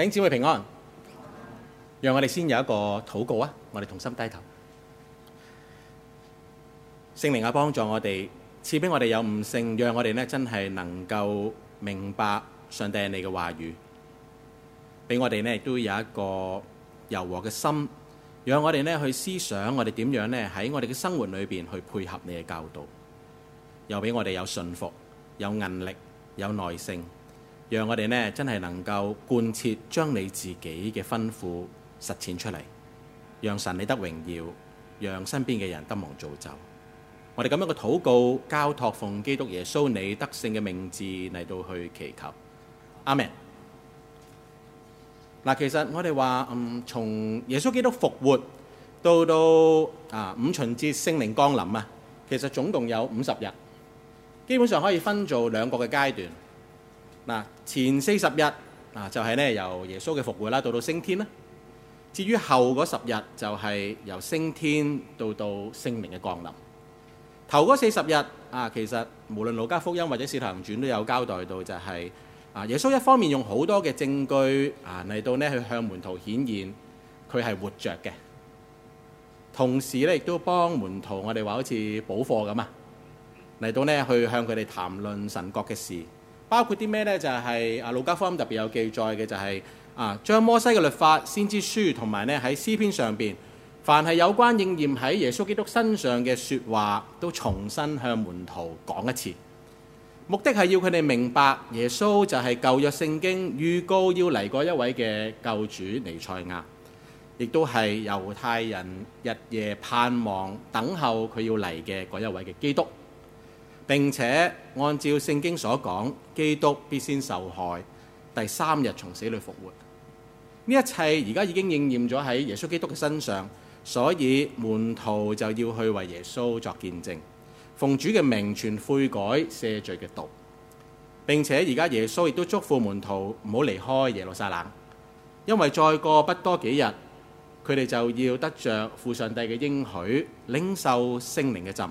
請姊妹平安，讓我哋先有一個禱告啊！我哋同心低頭，聖靈啊，幫助我哋賜俾我哋有悟性，讓我哋呢真係能夠明白上帝你嘅話語，俾我哋呢都有一個柔和嘅心，讓我哋呢去思想我哋點樣呢喺我哋嘅生活裏邊去配合你嘅教導，又俾我哋有信服、有毅力、有耐性。讓我哋咧真係能夠貫徹將你自己嘅吩咐實踐出嚟，讓神你得榮耀，讓身邊嘅人得蒙造就。我哋咁樣嘅禱告交託，奉基督耶穌你得勝嘅名字嚟到去祈求，阿門。嗱，其實我哋話，嗯，從耶穌基督復活到到啊五旬節聖靈降臨啊，其實總共有五十日，基本上可以分做兩個嘅階段。前四十日啊，就係、是、咧由耶穌嘅復活啦，到到升天啦。至於後嗰十日，就係、是、由升天到到聖靈嘅降臨。頭嗰四十日啊，其實無論《路加福音》或者《使徒行傳》都有交代到，就係、是、啊耶穌一方面用好多嘅證據啊嚟到咧去向門徒顯現佢係活着嘅，同時咧亦都幫門徒我哋話好似補課咁啊，嚟到咧去向佢哋談論神國嘅事。包括啲咩呢？就係、是、啊，路加福音特別有記載嘅就係、是、啊，將摩西嘅律法、先知書同埋呢喺詩篇上邊，凡係有關應驗喺耶穌基督身上嘅説話，都重新向門徒講一次。目的係要佢哋明白耶穌就係舊約聖經預告要嚟嗰一位嘅救主尼賽亞，亦都係猶太人日夜盼望等候佢要嚟嘅嗰一位嘅基督。並且按照聖經所講，基督必先受害，第三日從死裏復活。呢一切而家已經應驗咗喺耶穌基督嘅身上，所以門徒就要去為耶穌作見證，奉主嘅名傳悔改、赦罪嘅道。並且而家耶穌亦都祝福門徒唔好離開耶路撒冷，因為再過不多幾日，佢哋就要得着父上帝嘅應許，領受聖靈嘅浸。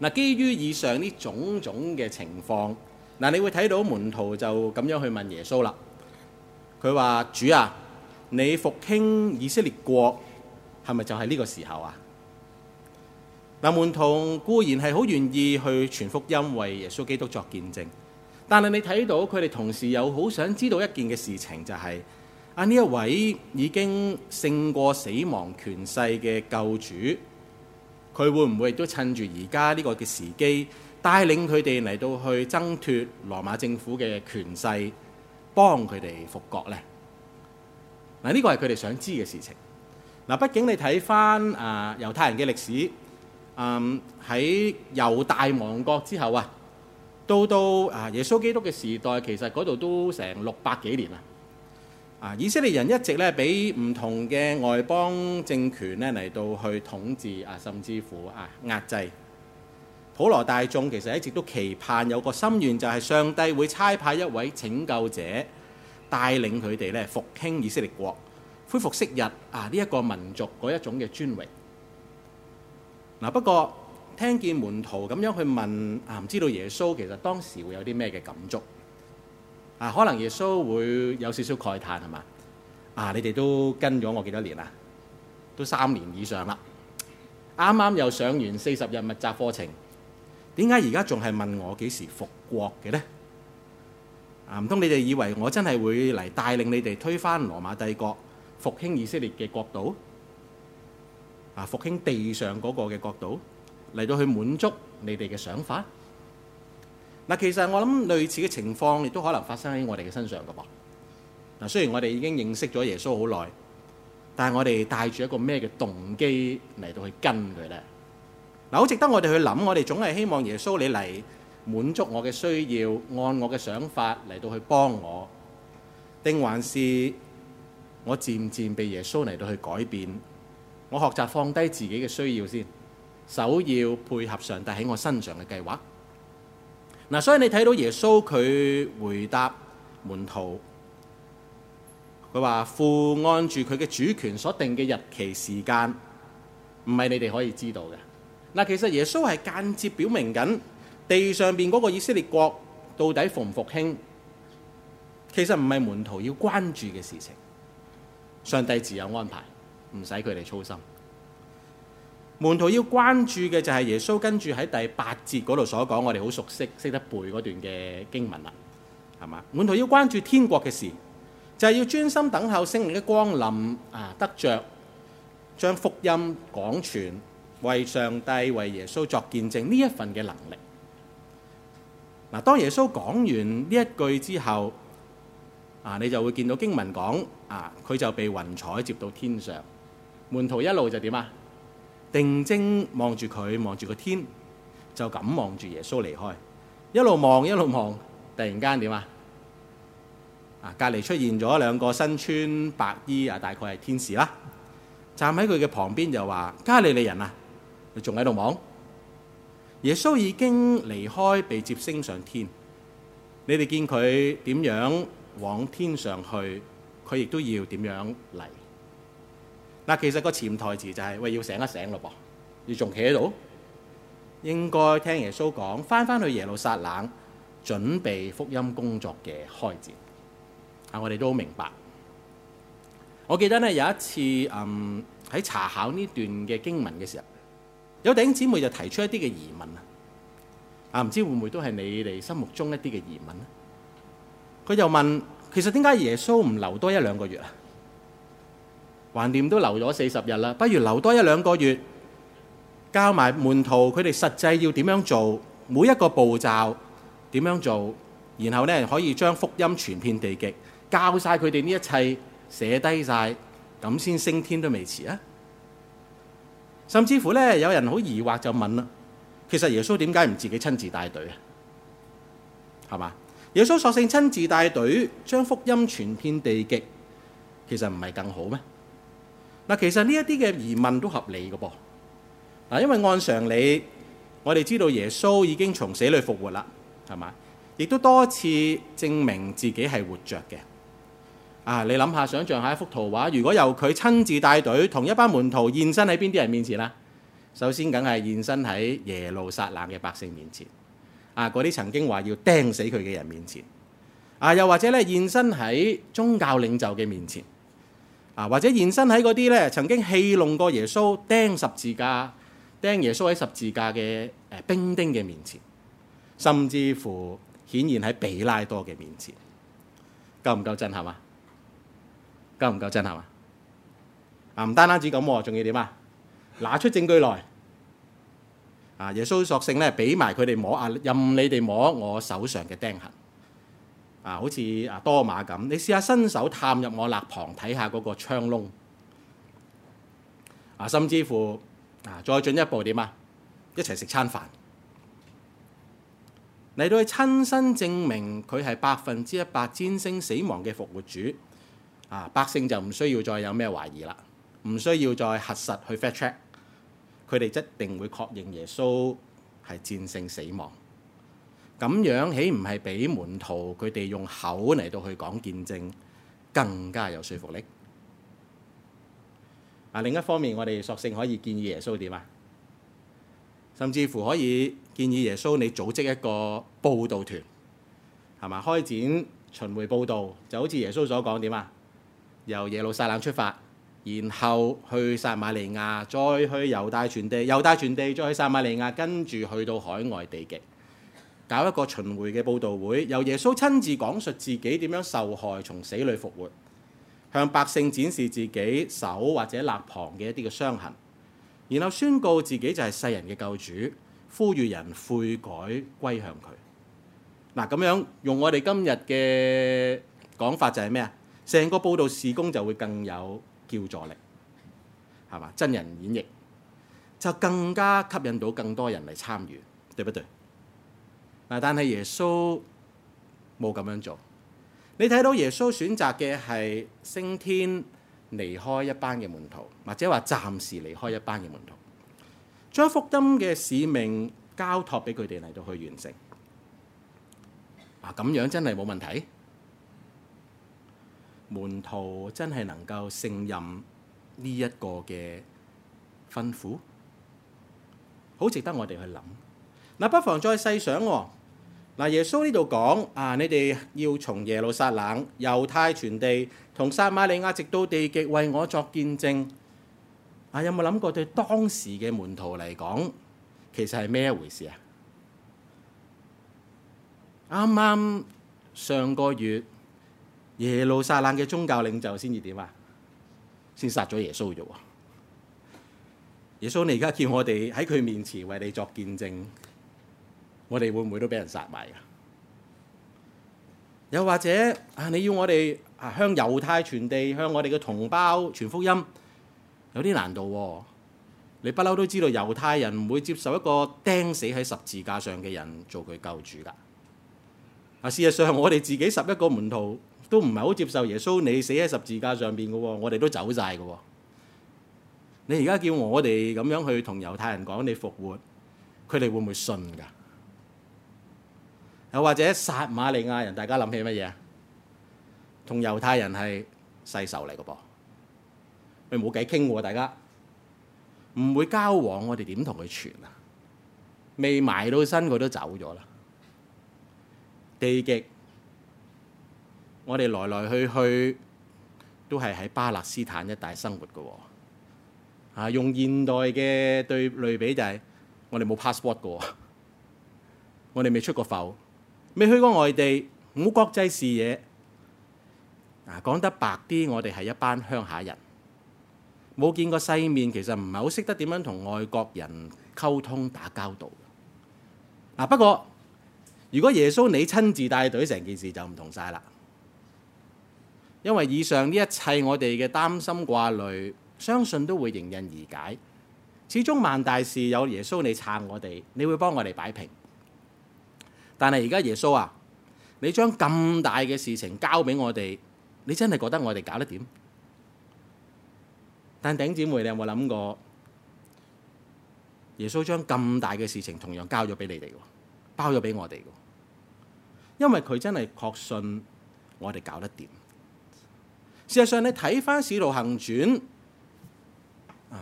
嗱，基於以上呢種種嘅情況，嗱，你會睇到門徒就咁樣去問耶穌啦。佢話：主啊，你復興以色列國係咪就係呢個時候啊？嗱，門徒固然係好願意去傳福音，為耶穌基督作見證，但係你睇到佢哋同時又好想知道一件嘅事情，就係啊呢一位已經勝過死亡權勢嘅救主。佢會唔會都趁住而家呢個嘅時機，帶領佢哋嚟到去爭奪羅馬政府嘅權勢，幫佢哋復國呢？嗱，呢個係佢哋想知嘅事情。嗱，畢竟你睇返啊，猶太人嘅歷史，嗯，喺猶大亡國之後啊，到到啊耶穌基督嘅時代，其實嗰度都成六百幾年啦。啊！以色列人一直咧俾唔同嘅外邦政權咧嚟到去統治啊，甚至乎啊壓制。普羅大眾其實一直都期盼有個心願，就係、是、上帝會差派一位拯救者，帶領佢哋咧復興以色列國，恢復昔日啊呢一、這個民族嗰一種嘅尊榮。嗱、啊、不過聽見門徒咁樣去問啊，唔知道耶穌其實當時會有啲咩嘅感觸？啊，可能耶穌會有少少慨嘆係嘛？啊，你哋都跟咗我幾多年啦？都三年以上啦。啱啱又上完四十日密集課程，點解而家仲係問我幾時復國嘅呢？啊，唔通你哋以為我真係會嚟帶領你哋推翻羅馬帝國、復興以色列嘅國度？啊，復興地上嗰個嘅國度嚟到去滿足你哋嘅想法？嗱，其實我諗類似嘅情況亦都可能發生喺我哋嘅身上噶噃。嗱，雖然我哋已經認識咗耶穌好耐，但係我哋帶住一個咩嘅動機嚟到去跟佢呢？嗱，好值得我哋去諗。我哋總係希望耶穌你嚟滿足我嘅需要，按我嘅想法嚟到去幫我，定還是我漸漸被耶穌嚟到去改變？我學習放低自己嘅需要先，首要配合上帝喺我身上嘅計劃。嗱，所以你睇到耶穌佢回答門徒，佢話父按住佢嘅主權所定嘅日期時間，唔係你哋可以知道嘅。嗱，其實耶穌係間接表明緊地上邊嗰個以色列國到底復唔復興，其實唔係門徒要關注嘅事情，上帝自有安排，唔使佢哋操心。門徒要關注嘅就係耶穌跟住喺第八節嗰度所講，我哋好熟悉，識得背嗰段嘅經文啦，係嘛？門徒要關注天國嘅事，就係、是、要專心等候聖靈嘅光臨啊，得着將福音廣傳，為上帝、為耶穌作見證呢一份嘅能力。嗱、啊，當耶穌講完呢一句之後，啊，你就會見到經文講啊，佢就被雲彩接到天上，門徒一路就點啊？定睛望住佢，望住個天，就咁望住耶穌離開，一路望一路望，突然間點啊？啊，隔籬出現咗兩個身穿白衣啊，大概係天使啦，站喺佢嘅旁邊就話：加利利人啊，你仲喺度望？耶穌已經離開，被接升上天，你哋見佢點樣往天上去，佢亦都要點樣嚟？嗱，其實個潛台詞就係、是、喂，要醒一醒咯噃，你仲企喺度？應該聽耶穌講，翻翻去耶路撒冷，準備福音工作嘅開展。啊，我哋都好明白。我記得咧有一次，嗯，喺查考呢段嘅經文嘅時候，有弟兄姊妹就提出一啲嘅疑問啊。啊，唔知會唔會都係你哋心目中一啲嘅疑問咧？佢就問：其實點解耶穌唔留多一兩個月啊？橫掂都留咗四十日啦，不如留多一兩個月，教埋門徒佢哋實際要點樣做，每一個步驟點樣做，然後咧可以將福音傳遍地極，教晒佢哋呢一切寫低晒，咁先升天都未遲啊！甚至乎咧，有人好疑惑就問啦：其實耶穌點解唔自己親自帶隊啊？係嘛？耶穌索性親自帶隊，將福音傳遍地極，其實唔係更好咩？嗱，其實呢一啲嘅疑問都合理嘅噃，嗱，因為按常理，我哋知道耶穌已經從死裏復活啦，係嘛？亦都多次證明自己係活着嘅。啊，你諗下，想像下一幅圖畫，如果由佢親自帶隊，同一班門徒現身喺邊啲人面前啦？首先，梗係現身喺耶路撒冷嘅百姓面前，啊，嗰啲曾經話要釘死佢嘅人面前，啊，又或者咧現身喺宗教領袖嘅面前。啊，或者現身喺嗰啲咧曾經戲弄過耶穌、釘十字架、釘耶穌喺十字架嘅誒兵丁嘅面前，甚至乎顯現喺比拉多嘅面前，夠唔夠震撼啊？夠唔夠震撼啊？啊，唔單單止咁喎，仲要點啊？拿出證據來啊！耶穌索性咧，俾埋佢哋摸啊，任你哋摸我手上嘅釘痕。啊，好似啊多馬咁，你試下伸手探入我肋旁睇下嗰個槍窿，啊，甚至乎啊，再進一步點啊，一齊食餐飯，嚟到去親身證明佢係百分之一百戰勝死亡嘅復活主，啊，百姓就唔需要再有咩懷疑啦，唔需要再核實去 fact check，佢哋一定會確認耶穌係戰勝死亡。咁樣豈唔係俾門徒佢哋用口嚟到去講見證更加有說服力？啊，另一方面，我哋索性可以建議耶穌點啊？甚至乎可以建議耶穌你組織一個報道團，係嘛？開展巡迴報道，就好似耶穌所講點啊？由耶路撒冷出發，然後去撒馬利亞，再去猶大全地，猶大全地再去撒馬利亞，跟住去到海外地極。搞一個巡迴嘅報導會，由耶穌親自講述自己點樣受害、從死裏復活，向百姓展示自己手或者肋旁嘅一啲嘅傷痕，然後宣告自己就係世人嘅救主，呼籲人悔改歸向佢。嗱，咁樣用我哋今日嘅講法就係咩啊？成個報導事工就會更有叫助力，係嘛？真人演繹就更加吸引到更多人嚟參與，對不對？但係耶穌冇咁樣做。你睇到耶穌選擇嘅係升天離開一班嘅門徒，或者話暫時離開一班嘅門徒，將福音嘅使命交託俾佢哋嚟到去完成。嗱、啊，咁樣真係冇問題？門徒真係能夠勝任呢一個嘅吩咐？好值得我哋去諗。嗱、啊，不妨再細想喎、啊。嗱，耶穌呢度講啊，你哋要從耶路撒冷、猶太全地、同撒瑪利亞直到地極，為我作見證。啊，有冇諗過對當時嘅門徒嚟講，其實係咩一回事啊？啱啱上個月，耶路撒冷嘅宗教領袖先至點啊？先殺咗耶穌㗎喎。耶穌，你而家叫我哋喺佢面前為你作見證。我哋會唔會都俾人殺埋？又或者你要我哋向猶太傳地，向我哋嘅同胞傳福音，有啲難度喎，啊。你不嬲都知道猶太人唔會接受一個釘死喺十字架上嘅人做佢救主㗎。事實上我哋自己十一個門徒都唔係好接受耶穌你死喺十字架上邊嘅喎，我哋都走曬嘅喎。你而家叫我哋咁樣去同猶太人講你復活，佢哋會唔會信㗎？又或者撒瑪利亞人，大家諗起乜嘢啊？同猶太人係世仇嚟個噃，咪冇幾傾喎大家，唔會交往，我們怎麼跟他，我哋點同佢傳啊？未埋到身佢都走咗啦。地極，我哋來來去去都係喺巴勒斯坦一帶生活㗎喎。啊，用現代嘅對類比就係我哋冇 passport 過，我哋未出過埠。未去過外地，冇國際視野。啊，講得白啲，我哋係一班鄉下人，冇見過世面，其實唔係好識得點樣同外國人溝通打交道。嗱，不過如果耶穌你親自帶隊，成件事就唔同晒啦。因為以上呢一切我哋嘅擔心掛慮，相信都會迎刃而解。始終萬大事有耶穌你撐我哋，你會幫我哋擺平。但係而家耶穌啊，你將咁大嘅事情交俾我哋，你真係覺得我哋搞得掂？弟兄姊妹，你有冇諗過耶穌將咁大嘅事情同樣交咗俾你哋，包咗俾我哋？因為佢真係確信我哋搞得掂。事實上，你看事，你睇返《使徒行傳》。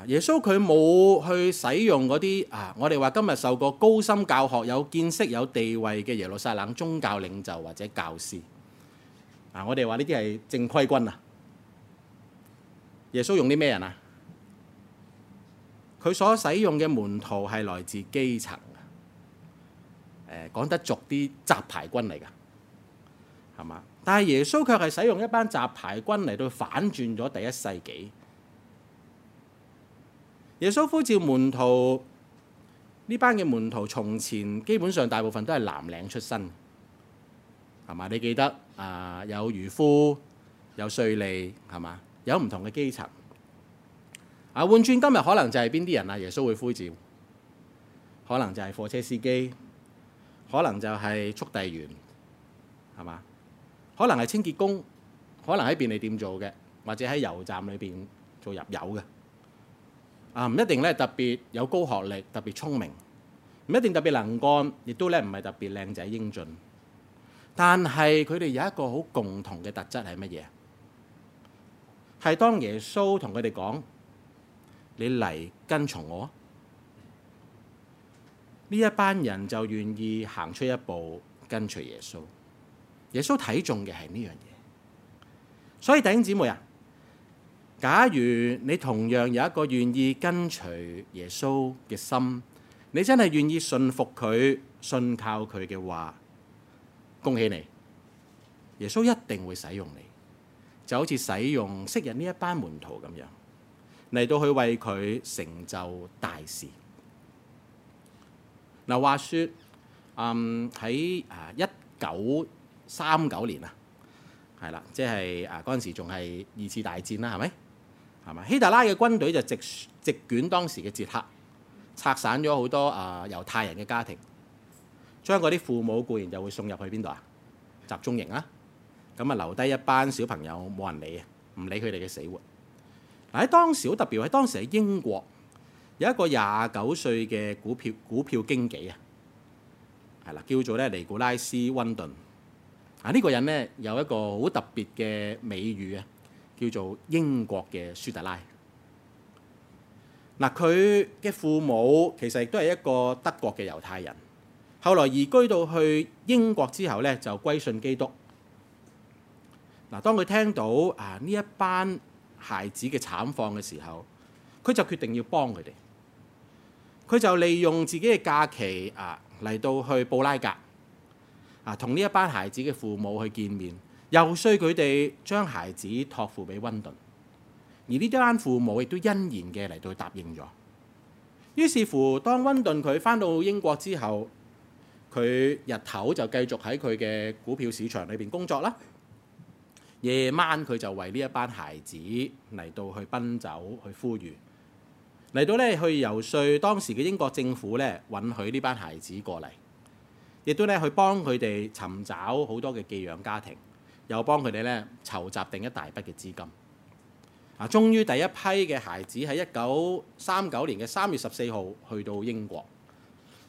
耶穌佢冇去使用嗰啲啊，我哋話今日受過高深教學、有見識、有地位嘅耶路撒冷宗教領袖或者教師啊，我哋話呢啲係正規軍啊。耶穌用啲咩人啊？佢所使用嘅門徒係來自基層嘅，啊，講得俗啲，雜牌軍嚟㗎，係嘛？但係耶穌卻係使用一班雜牌軍嚟到反轉咗第一世紀。耶穌呼召門徒呢班嘅門徒，從前基本上大部分都係藍領出身，係嘛？你記得啊？有漁夫，有稅吏，有唔同嘅階層。啊，換轉今日可能就係邊啲人啊？耶穌會呼召，可能就係貨車司機，可能就係速遞員，係嘛？可能係清潔工，可能喺便利店做嘅，或者喺油站裏面做入油嘅。啊，唔一定咧特別有高學歷，特別聰明，唔一定特別能幹，亦都咧唔係特別靚仔英俊。但係佢哋有一個好共同嘅特質係乜嘢？係當耶穌同佢哋講：你嚟跟從我，呢一班人就願意行出一步跟隨耶穌。耶穌睇中嘅係呢樣嘢，所以弟兄姊妹啊！假如你同樣有一個願意跟隨耶穌嘅心，你真係願意信服佢、信靠佢嘅話，恭喜你！耶穌一定會使用你，就好似使用昔日呢一班門徒咁樣，嚟到去為佢成就大事。嗱，話說，嗯，喺誒一九三九年啊，係啦，即係誒嗰陣時仲係二次大戰啦，係咪？係嘛？希特拉嘅軍隊就席席捲當時嘅捷克，拆散咗好多啊、呃、猶太人嘅家庭，將嗰啲父母固然就會送入去邊度啊？集中營啦、啊，咁啊留低一班小朋友冇人理啊，唔理佢哋嘅死活。嗱，喺當時好特別，喺當時喺英國有一個廿九歲嘅股票股票經紀啊，係啦，叫做咧尼古拉斯温頓啊呢、呢個人咧有一個好特別嘅美譽啊。叫做英國嘅舒特拉，嗱佢嘅父母其實亦都係一個德國嘅猶太人，後來移居到去英國之後咧就歸信基督。嗱，當佢聽到啊呢一班孩子嘅慘況嘅時候，佢就決定要幫佢哋。佢就利用自己嘅假期啊嚟到去布拉格啊，同呢一班孩子嘅父母去見面。游說佢哋將孩子託付俾温頓，而呢一班父母亦都欣然嘅嚟到答應咗。於是乎，當温頓佢返到英國之後，佢日頭就繼續喺佢嘅股票市場裏邊工作啦。夜晚佢就為呢一班孩子嚟到去奔走去呼籲，嚟到呢去游說當時嘅英國政府呢允許呢班孩子過嚟，亦都呢去幫佢哋尋找好多嘅寄養家庭。又幫佢哋咧籌集定一大筆嘅資金啊！終於第一批嘅孩子喺一九三九年嘅三月十四號去到英國。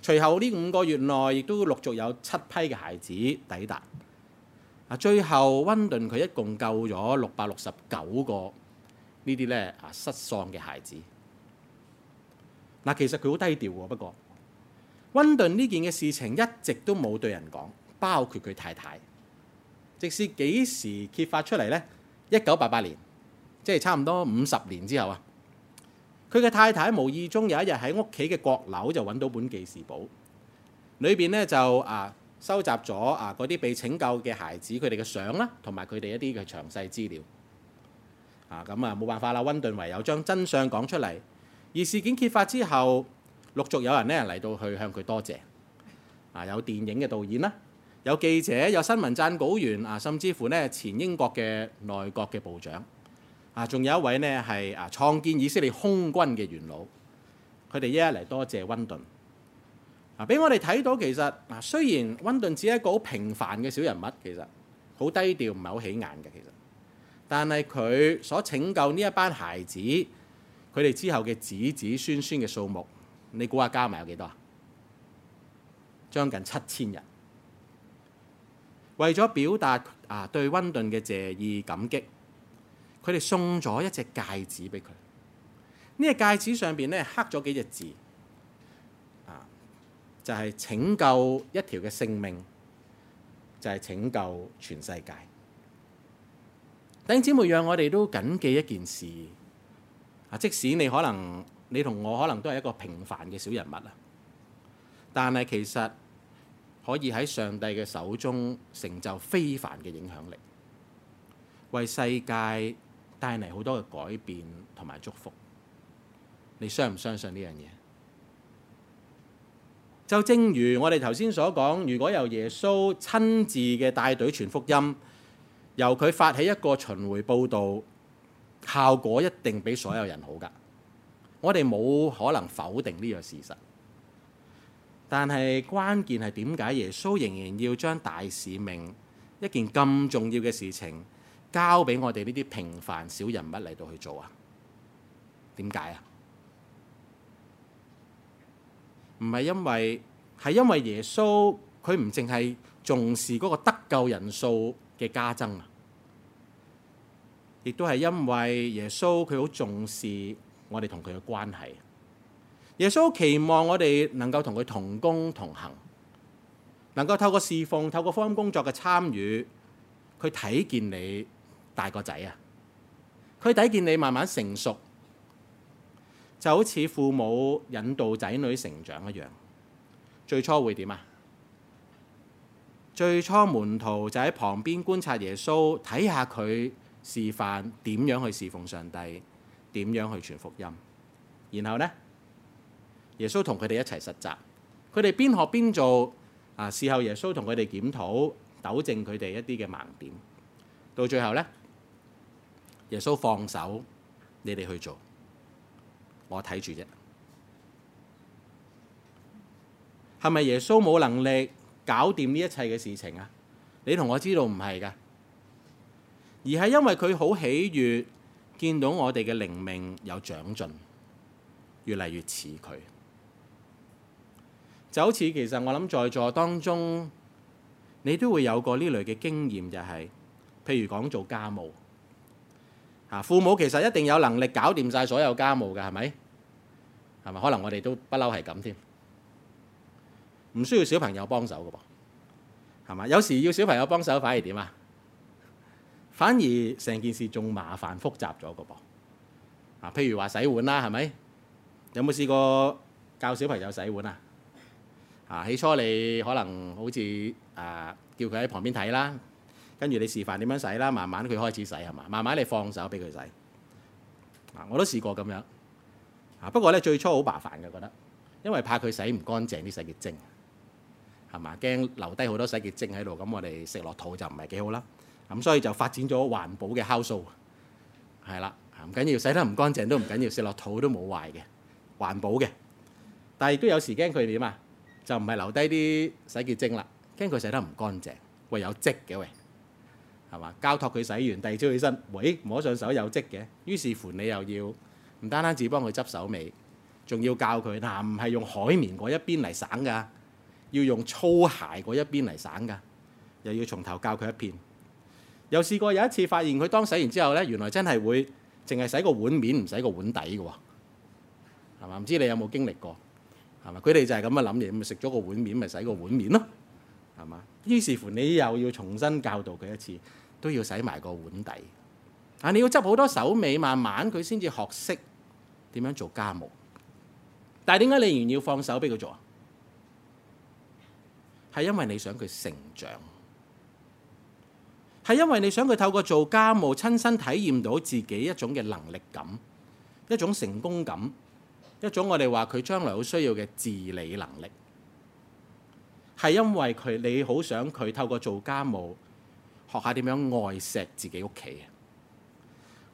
隨後呢五個月內亦都陸續有七批嘅孩子抵達啊。最後温頓佢一共救咗六百六十九個呢啲咧啊失喪嘅孩子嗱、啊，其實佢好低調嘅，不過温頓呢件嘅事情一直都冇對人講，包括佢太太。直至幾時揭發出嚟呢？一九八八年，即係差唔多五十年之後啊！佢嘅太太無意中有一日喺屋企嘅閣樓就揾到本記事簿，裏邊呢就啊收集咗啊嗰啲被拯救嘅孩子佢哋嘅相啦，同埋佢哋一啲嘅詳細資料啊！咁啊冇辦法啦，溫頓唯有將真相講出嚟。而事件揭發之後，陸續有人呢嚟到去向佢多謝啊！有電影嘅導演啦。有記者、有新聞撰稿員啊，甚至乎咧前英國嘅內閣嘅部長啊，仲有一位咧係啊創建以色列空軍嘅元老，佢哋一一嚟多謝溫頓啊，俾我哋睇到其實嗱、啊，雖然溫頓只係一個好平凡嘅小人物，其實好低調，唔係好起眼嘅其實，但係佢所拯救呢一班孩子，佢哋之後嘅子子孫孫嘅數目，你估下加埋有幾多啊？將近七千人。為咗表達啊對溫頓嘅謝意感激，佢哋送咗一隻戒指俾佢。呢隻戒指上邊咧刻咗幾隻字啊，就係拯救一條嘅性命，就係拯救全世界。弟兄姊妹，讓我哋都緊記一件事啊，即使你可能你同我可能都係一個平凡嘅小人物啊，但係其實，可以喺上帝嘅手中成就非凡嘅影響力，為世界帶嚟好多嘅改變同埋祝福。你相唔相信呢樣嘢？就正如我哋頭先所講，如果由耶穌親自嘅帶隊傳福音，由佢發起一個巡迴報道，效果一定比所有人好噶。我哋冇可能否定呢個事實。但係關鍵係點解耶穌仍然要將大使命一件咁重要嘅事情交俾我哋呢啲平凡小人物嚟到去做啊？點解啊？唔係因為，係因為耶穌佢唔淨係重視嗰個得救人數嘅加增啊，亦都係因為耶穌佢好重視我哋同佢嘅關係。耶穌期望我哋能夠同佢同工同行，能夠透過侍奉、透過福音工作嘅參與，佢睇見你大個仔啊，佢睇見你慢慢成熟，就好似父母引導仔女成長一樣。最初會點啊？最初門徒就喺旁邊觀察耶穌，睇下佢示範點樣去侍奉上帝，點樣去傳福音，然後呢。耶穌同佢哋一齊實習，佢哋邊學邊做啊，事後耶穌同佢哋檢討、糾正佢哋一啲嘅盲點。到最後咧，耶穌放手你哋去做，我睇住啫。係咪耶穌冇能力搞掂呢一切嘅事情啊？你同我知道唔係噶，而係因為佢好喜悅見到我哋嘅靈命有長進，越嚟越似佢。就好似其實我諗在座當中，你都會有過呢類嘅經驗，就係譬如講做家務，吓，父母其實一定有能力搞掂晒所有家務嘅，係咪？係嘛？可能我哋都不嬲係咁添，唔需要小朋友幫手嘅噃，係嘛？有時要小朋友幫手反而點啊？反而成件事仲麻煩複雜咗嘅噃，啊，譬如話洗碗啦，係咪？有冇試過教小朋友洗碗啊？啊、起初你可能好似、啊、叫佢喺旁邊睇啦，跟住你示範點樣洗啦，慢慢佢開始洗係嘛？慢慢你放手俾佢洗、啊、我都試過咁樣、啊、不過呢最初好麻煩嘅，覺得因為怕佢洗唔乾淨啲洗潔精係嘛，驚留低好多洗潔精喺度，咁我哋食落肚就唔係幾好啦。咁所以就發展咗環保嘅酵素係啦，唔緊要洗得唔乾淨都唔緊要，食落肚都冇壞嘅，環保嘅。但係亦都有時驚佢點啊？就唔係留低啲洗潔精啦，驚佢洗得唔乾淨，會有漬嘅喂，係嘛？交託佢洗完，第二朝起身，喂，摸上手有漬嘅，於是乎你又要唔單單只幫佢執手尾，仲要教佢，嗱，唔係用海綿嗰一邊嚟省㗎，要用粗鞋嗰一邊嚟省㗎，又要從頭教佢一遍。又試過有一次發現佢當洗完之後咧，原來真係會淨係洗個碗面，唔洗個碗底嘅喎，係嘛？唔知你有冇經歷過？係嘛？佢哋就係咁樣諗嘢，咁食咗個碗面咪洗個碗面咯，係嘛？於是乎你又要重新教導佢一次，都要洗埋個碗底。啊，你要執好多手尾，慢慢佢先至學識點樣做家務。但係點解你仍然要放手俾佢做啊？係因為你想佢成長，係因為你想佢透過做家務親身體驗到自己一種嘅能力感，一種成功感。一種我哋話佢將來好需要嘅自理能力，係因為佢你好想佢透過做家務學下點樣愛惜自己屋企嘅，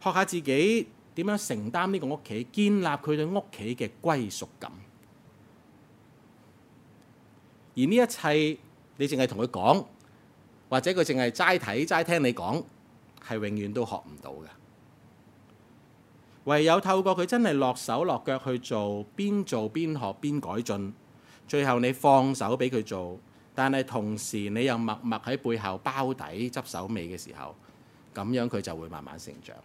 學下自己點樣承擔呢個屋企，建立佢對屋企嘅歸屬感。而呢一切，你淨係同佢講，或者佢淨係齋睇齋聽你講，係永遠都學唔到嘅。唯有透過佢真係落手落腳去做，邊做邊學邊改進，最後你放手畀佢做，但係同時你又默默喺背後包底執手尾嘅時候，咁樣佢就會慢慢成長。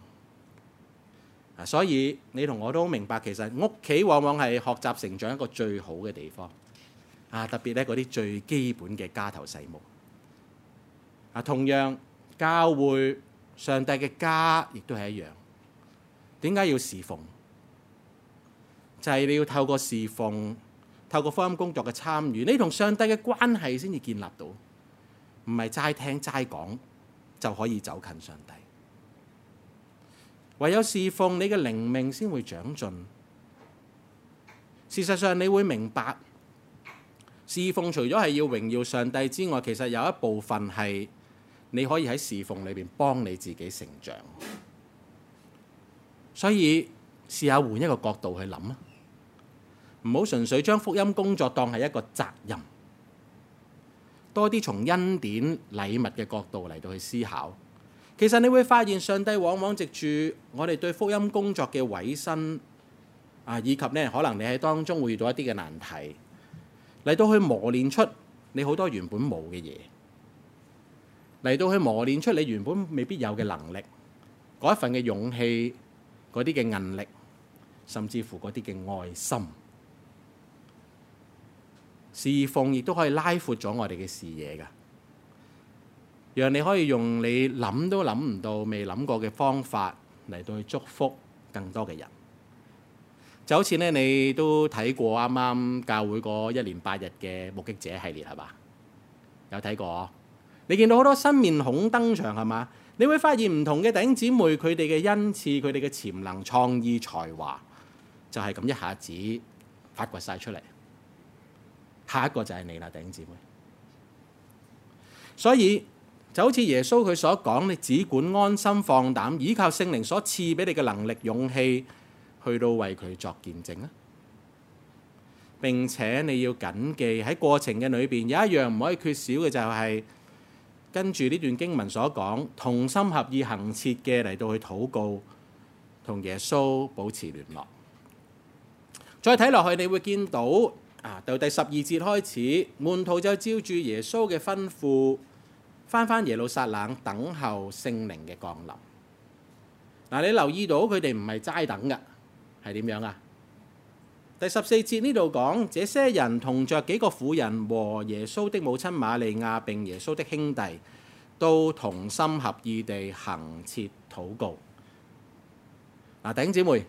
啊，所以你同我都明白，其實屋企往往係學習成長一個最好嘅地方。啊，特別咧嗰啲最基本嘅家頭細務。啊，同樣教會，上帝嘅家亦都係一樣。點解要侍奉？就係你要透過侍奉，透過福音工作嘅參與，你同上帝嘅關係先至建立到，唔係齋聽齋講就可以走近上帝。唯有侍奉你嘅靈命先會長進。事實上，你會明白，侍奉除咗係要榮耀上帝之外，其實有一部分係你可以喺侍奉裏邊幫你自己成長。所以試下換一個角度去諗啊！唔好純粹將福音工作當係一個責任，多啲從恩典禮物嘅角度嚟到去思考。其實你會發現上帝往往藉住我哋對福音工作嘅委身啊，以及呢可能你喺當中會遇到一啲嘅難題，嚟到去磨練出你好多原本冇嘅嘢，嚟到去磨練出你原本未必有嘅能力，嗰一份嘅勇氣。嗰啲嘅韌力，甚至乎嗰啲嘅愛心，侍奉亦都可以拉闊咗我哋嘅視野㗎，讓你可以用你諗都諗唔到、未諗過嘅方法嚟到去祝福更多嘅人。就好似咧，你都睇過啱啱教會嗰一連八日嘅目擊者系列係嘛？有睇過？你見到好多新面孔登場係嘛？你會發現唔同嘅弟兄姊妹，佢哋嘅恩賜、佢哋嘅潛能、創意才華，就係咁一下子發掘晒出嚟。下一個就係你啦，弟兄姊妹。所以就好似耶穌佢所講，你只管安心放膽，依靠聖靈所賜俾你嘅能力、勇氣，去到為佢作見證啊！並且你要謹記喺過程嘅裏邊，有一樣唔可以缺少嘅就係。跟住呢段經文所講，同心合意、恆切嘅嚟到去禱告，同耶穌保持聯絡。再睇落去，你會見到啊，到第十二節開始，門徒就照住耶穌嘅吩咐，返返耶路撒冷等候聖靈嘅降臨。嗱，你留意到佢哋唔係齋等㗎，係點樣啊？第十四節呢度講，這些人同著幾個婦人和耶穌的母親瑪利亞，並耶穌的兄弟，都同心合意地恆切禱告。嗱，弟兄姊妹，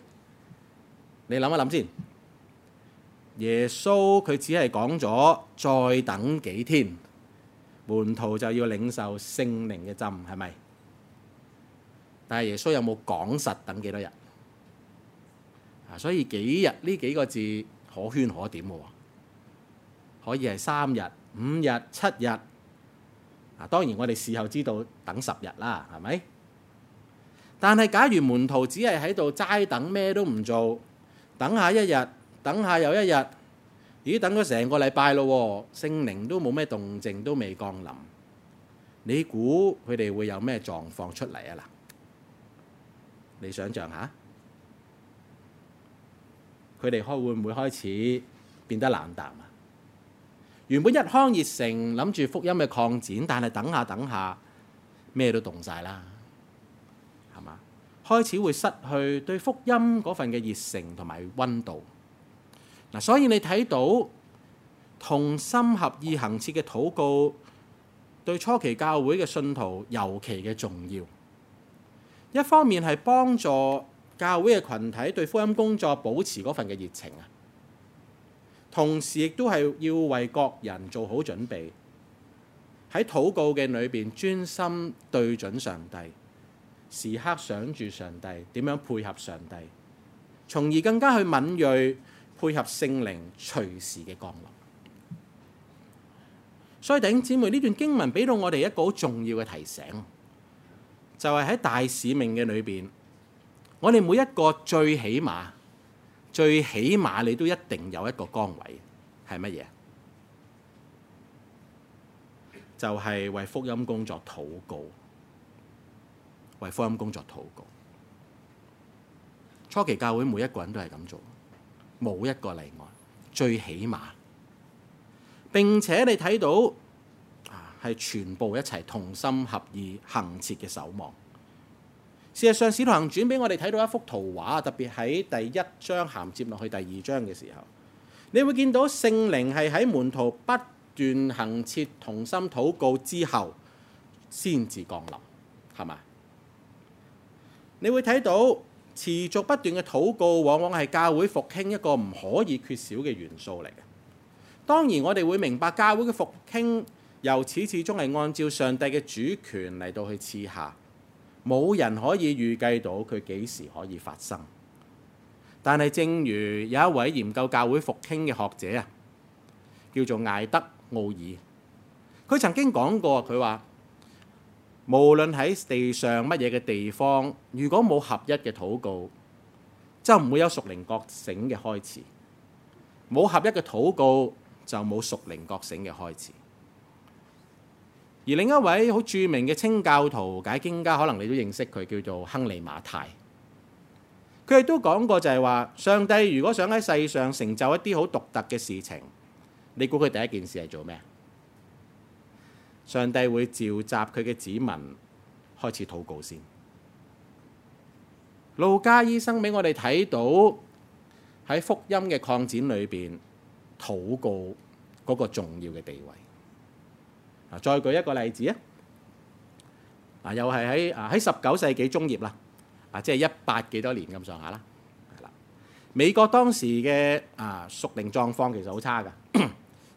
你諗一諗先。耶穌佢只係講咗再等幾天，門徒就要領受聖靈嘅浸，係咪？但係耶穌有冇講實等幾多日？所以幾日呢幾個字可圈可點喎？可以係三日、五日、七日。啊，當然我哋事後知道等十日啦，係咪？但係假如門徒只係喺度齋等，咩都唔做，等下一日，等下又一日，咦？等咗成個禮拜咯，聖靈都冇咩動靜，都未降臨。你估佢哋會有咩狀況出嚟啊？嗱，你想象下。佢哋開會唔會開始變得冷淡啊？原本一腔熱誠，諗住福音嘅擴展，但係等下等下，咩都凍晒啦，係嘛？開始會失去對福音嗰份嘅熱誠同埋温度。嗱，所以你睇到同心合意行切嘅禱告，對初期教會嘅信徒尤其嘅重要。一方面係幫助。教會嘅群體對福音工作保持嗰份嘅熱情啊，同時亦都係要為各人做好準備，喺禱告嘅裏邊專心對準上帝，時刻想住上帝點樣配合上帝，從而更加去敏銳配合聖靈隨時嘅降落。所以弟兄姊妹，呢段經文俾到我哋一個好重要嘅提醒，就係、是、喺大使命嘅裏邊。我哋每一個最起碼，最起碼你都一定有一個崗位，係乜嘢？就係為福音工作禱告，為福音工作禱告。初期教會每一個人都係咁做，冇一個例外，最起碼。並且你睇到，係全部一齊同心合意、恆切嘅守望。事實上，《使徒行傳》俾我哋睇到一幅圖畫，特別喺第一章銜接落去第二章嘅時候，你會見到聖靈係喺門徒不斷恆切同心禱告之後，先至降臨，係咪？你會睇到持續不斷嘅禱告，往往係教會復興一個唔可以缺少嘅元素嚟嘅。當然，我哋會明白教會嘅復興由始至終係按照上帝嘅主權嚟到去施行。冇人可以預計到佢幾時可以發生，但係正如有一位研究教會復興嘅學者啊，叫做艾德奧爾，佢曾經講過，佢話：無論喺地上乜嘢嘅地方，如果冇合一嘅禱告，就唔會有屬靈覺醒嘅開始；冇合一嘅禱告，就冇屬靈覺醒嘅開始。而另一位好著名嘅清教徒解經家，可能你都認識佢，叫做亨利馬太。佢亦都講過就係話上帝如果想喺世上成就一啲好獨特嘅事情，你估佢第一件事係做咩？上帝會召集佢嘅子民開始禱告先。路加醫生俾我哋睇到喺福音嘅擴展裏邊禱告嗰個重要嘅地位。嗱，再舉一個例子啊！嗱，又係喺啊喺十九世紀中葉啦，啊，即係一八幾多年咁上下啦，係啦。美國當時嘅啊，屬靈狀況其實好差㗎，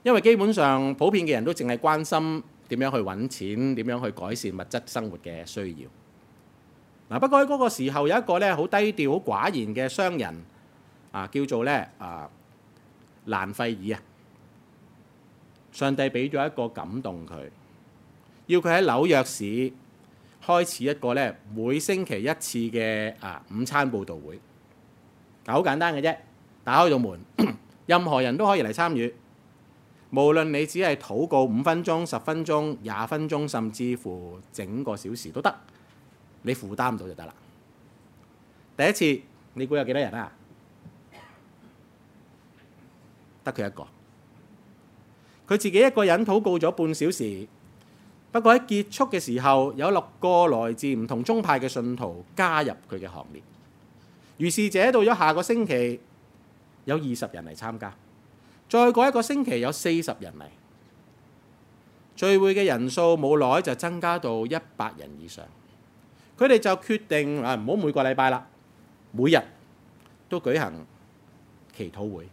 因為基本上普遍嘅人都淨係關心點樣去揾錢，點樣去改善物質生活嘅需要。嗱，不過喺嗰個時候有一個咧好低調、好寡言嘅商人啊，叫做咧啊蘭費爾啊。上帝俾咗一個感動佢，要佢喺紐約市開始一個咧每星期一次嘅、啊、午餐佈道會，好簡單嘅啫，打開道門，任何人都可以嚟參與，無論你只係禱告五分鐘、十分鐘、廿分鐘，甚至乎整個小時都得，你負擔到就得啦。第一次你估有幾多人啊？得佢一個。佢自己一個人禱告咗半小時，不過喺結束嘅時候，有六個來自唔同宗派嘅信徒加入佢嘅行列。於是者到咗下個星期，有二十人嚟參加；再過一個星期，有四十人嚟。聚會嘅人數冇耐就增加到一百人以上。佢哋就決定啊，唔好每個禮拜啦，每日都舉行祈禱會。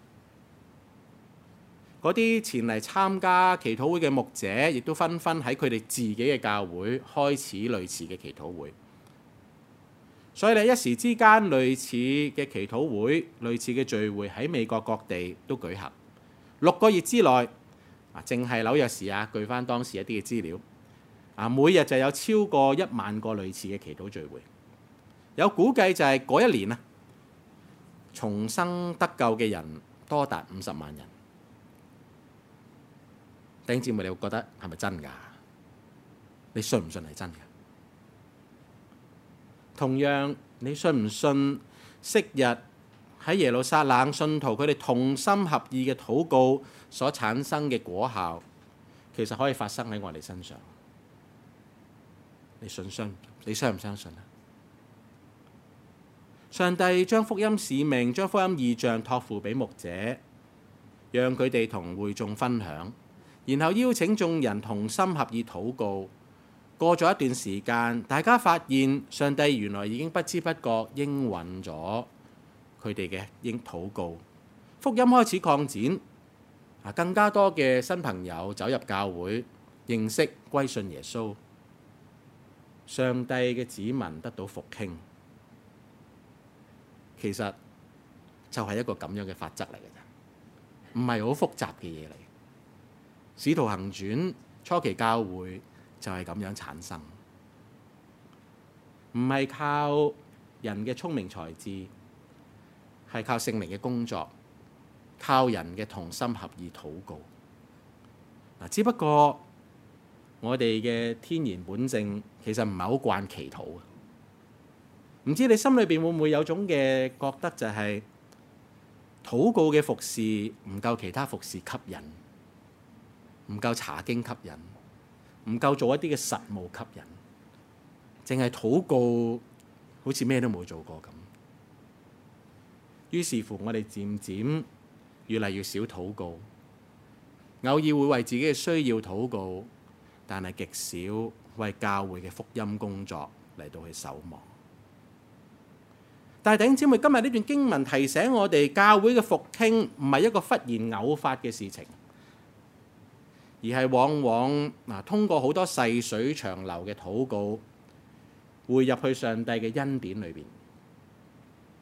嗰啲前嚟參加祈禱會嘅牧者，亦都紛紛喺佢哋自己嘅教會開始類似嘅祈禱會，所以呢一時之間，類似嘅祈禱會、類似嘅聚會喺美國各地都舉行。六個月之內啊，淨係紐約市啊，據翻當時一啲嘅資料，每日就有超過一萬個類似嘅祈禱聚會。有估計就係嗰一年啊，重生得救嘅人多達五十萬人。頂尖節目，你會覺得係咪真㗎？你信唔信係真嘅？同樣，你信唔信昔日喺耶路撒冷信徒佢哋同心合意嘅禱告所產生嘅果效，其實可以發生喺我哋身上？你信唔信？你相唔相信啊？上帝將福音使命、將福音異象託付畀牧者，讓佢哋同會眾分享。然後邀請眾人同心合意禱告。過咗一段時間，大家發現上帝原來已經不知不覺應允咗佢哋嘅應禱告。福音開始擴展，更加多嘅新朋友走入教會，認識歸信耶穌。上帝嘅子民得到復興，其實就係一個咁樣嘅法則嚟嘅咋，唔係好複雜嘅嘢嚟。使徒行傳初期教會就係咁樣產生，唔係靠人嘅聰明才智，係靠聖靈嘅工作，靠人嘅同心合意禱告。嗱，只不過我哋嘅天然本性其實唔係好慣祈禱嘅，唔知你心裏邊會唔會有種嘅覺得、就係，就係禱告嘅服侍唔夠其他服侍吸引。唔夠查經吸引，唔夠做一啲嘅實務吸引，淨係禱告，好似咩都冇做過咁。於是乎，我哋漸漸越嚟越少禱告，偶爾會為自己嘅需要禱告，但係極少為教會嘅福音工作嚟到去守望。但係，弟兄姊妹，今日呢段經文提醒我哋，教會嘅復興唔係一個忽然偶發嘅事情。而係往往嗱，通過好多細水長流嘅禱告，匯入去上帝嘅恩典裏邊。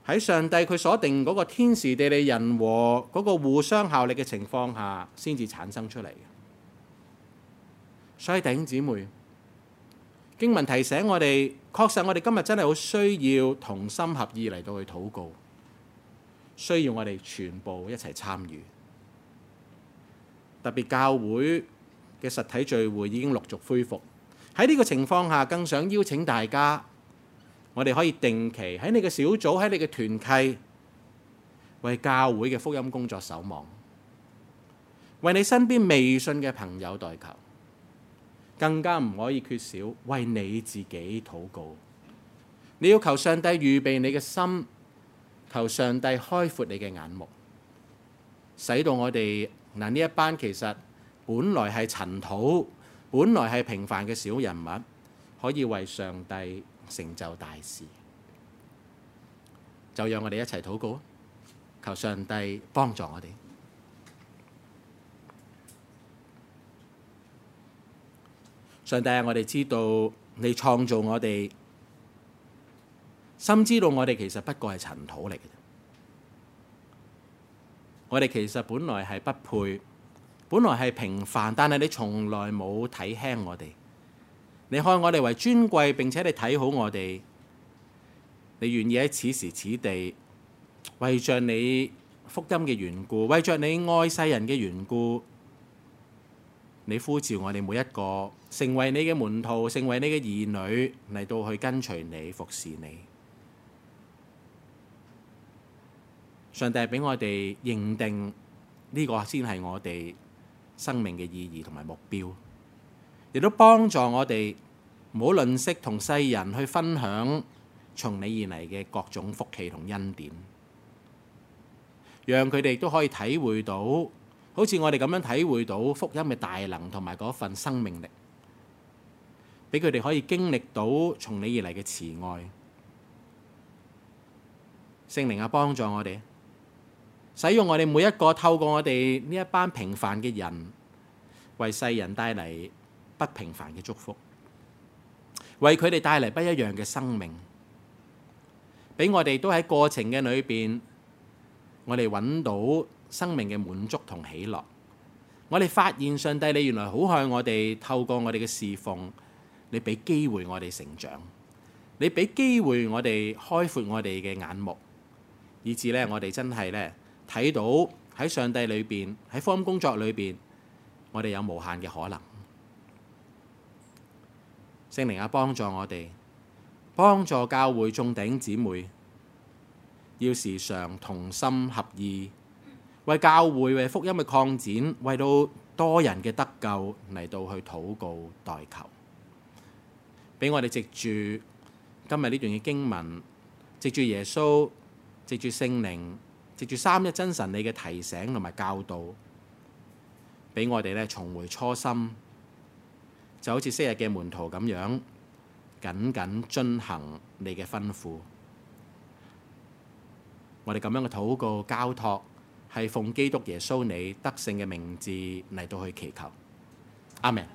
喺上帝佢鎖定嗰個天時地利人和嗰個互相效力嘅情況下，先至產生出嚟嘅。所以弟兄姊妹，經文提醒我哋，確實我哋今日真係好需要同心合意嚟到去禱告，需要我哋全部一齊參與。特別教會嘅實體聚會已經陸續恢復，喺呢個情況下，更想邀請大家，我哋可以定期喺你嘅小組、喺你嘅團契，為教會嘅福音工作守望，為你身邊未信嘅朋友代求，更加唔可以缺少為你自己禱告。你要求上帝預備你嘅心，求上帝開闊你嘅眼目，使到我哋。嗱，呢一班其實本來係塵土，本來係平凡嘅小人物，可以為上帝成就大事，就讓我哋一齊禱告啊！求上帝幫助我哋。上帝啊，我哋知道你創造我哋，深知道我哋其實不過係塵土嚟嘅。我哋其實本來係不配，本來係平凡，但係你從來冇睇輕我哋，你看我哋為尊貴，並且你睇好我哋，你願意喺此時此地，為着你福音嘅緣故，為着你愛世人嘅緣故，你呼召我哋每一個成為你嘅門徒，成為你嘅兒女嚟到去跟隨你，服侍你。上帝俾我哋認定呢個先係我哋生命嘅意義同埋目標，亦都幫助我哋唔好吝惜同世人去分享從你而嚟嘅各種福氣同恩典，讓佢哋都可以體會到，好似我哋咁樣體會到福音嘅大能同埋嗰份生命力，俾佢哋可以經歷到從你而嚟嘅慈愛，聖靈啊，幫助我哋。使用我哋每一個，透過我哋呢一班平凡嘅人為世人帶嚟不平凡嘅祝福，為佢哋帶嚟不一樣嘅生命，俾我哋都喺過程嘅裏邊，我哋揾到生命嘅滿足同喜樂，我哋發現上帝你原來好向我哋，透過我哋嘅侍奉，你俾機會我哋成長，你俾機會我哋開闊我哋嘅眼目，以至呢，我哋真係呢。睇到喺上帝裡邊，喺福音工作裡邊，我哋有無限嘅可能。聖靈也、啊、幫助我哋，幫助教會眾頂姊妹，要時常同心合意，為教會為福音嘅擴展，為到多人嘅得救嚟到去禱告代求，俾我哋藉住今日呢段嘅經文，藉住耶穌，藉住聖靈。藉住三一真神你嘅提醒同埋教導，俾我哋咧重回初心，就好似昔日嘅門徒咁樣，緊緊遵行你嘅吩咐。我哋咁樣嘅禱告交託，係奉基督耶穌你得勝嘅名字嚟到去祈求，阿門。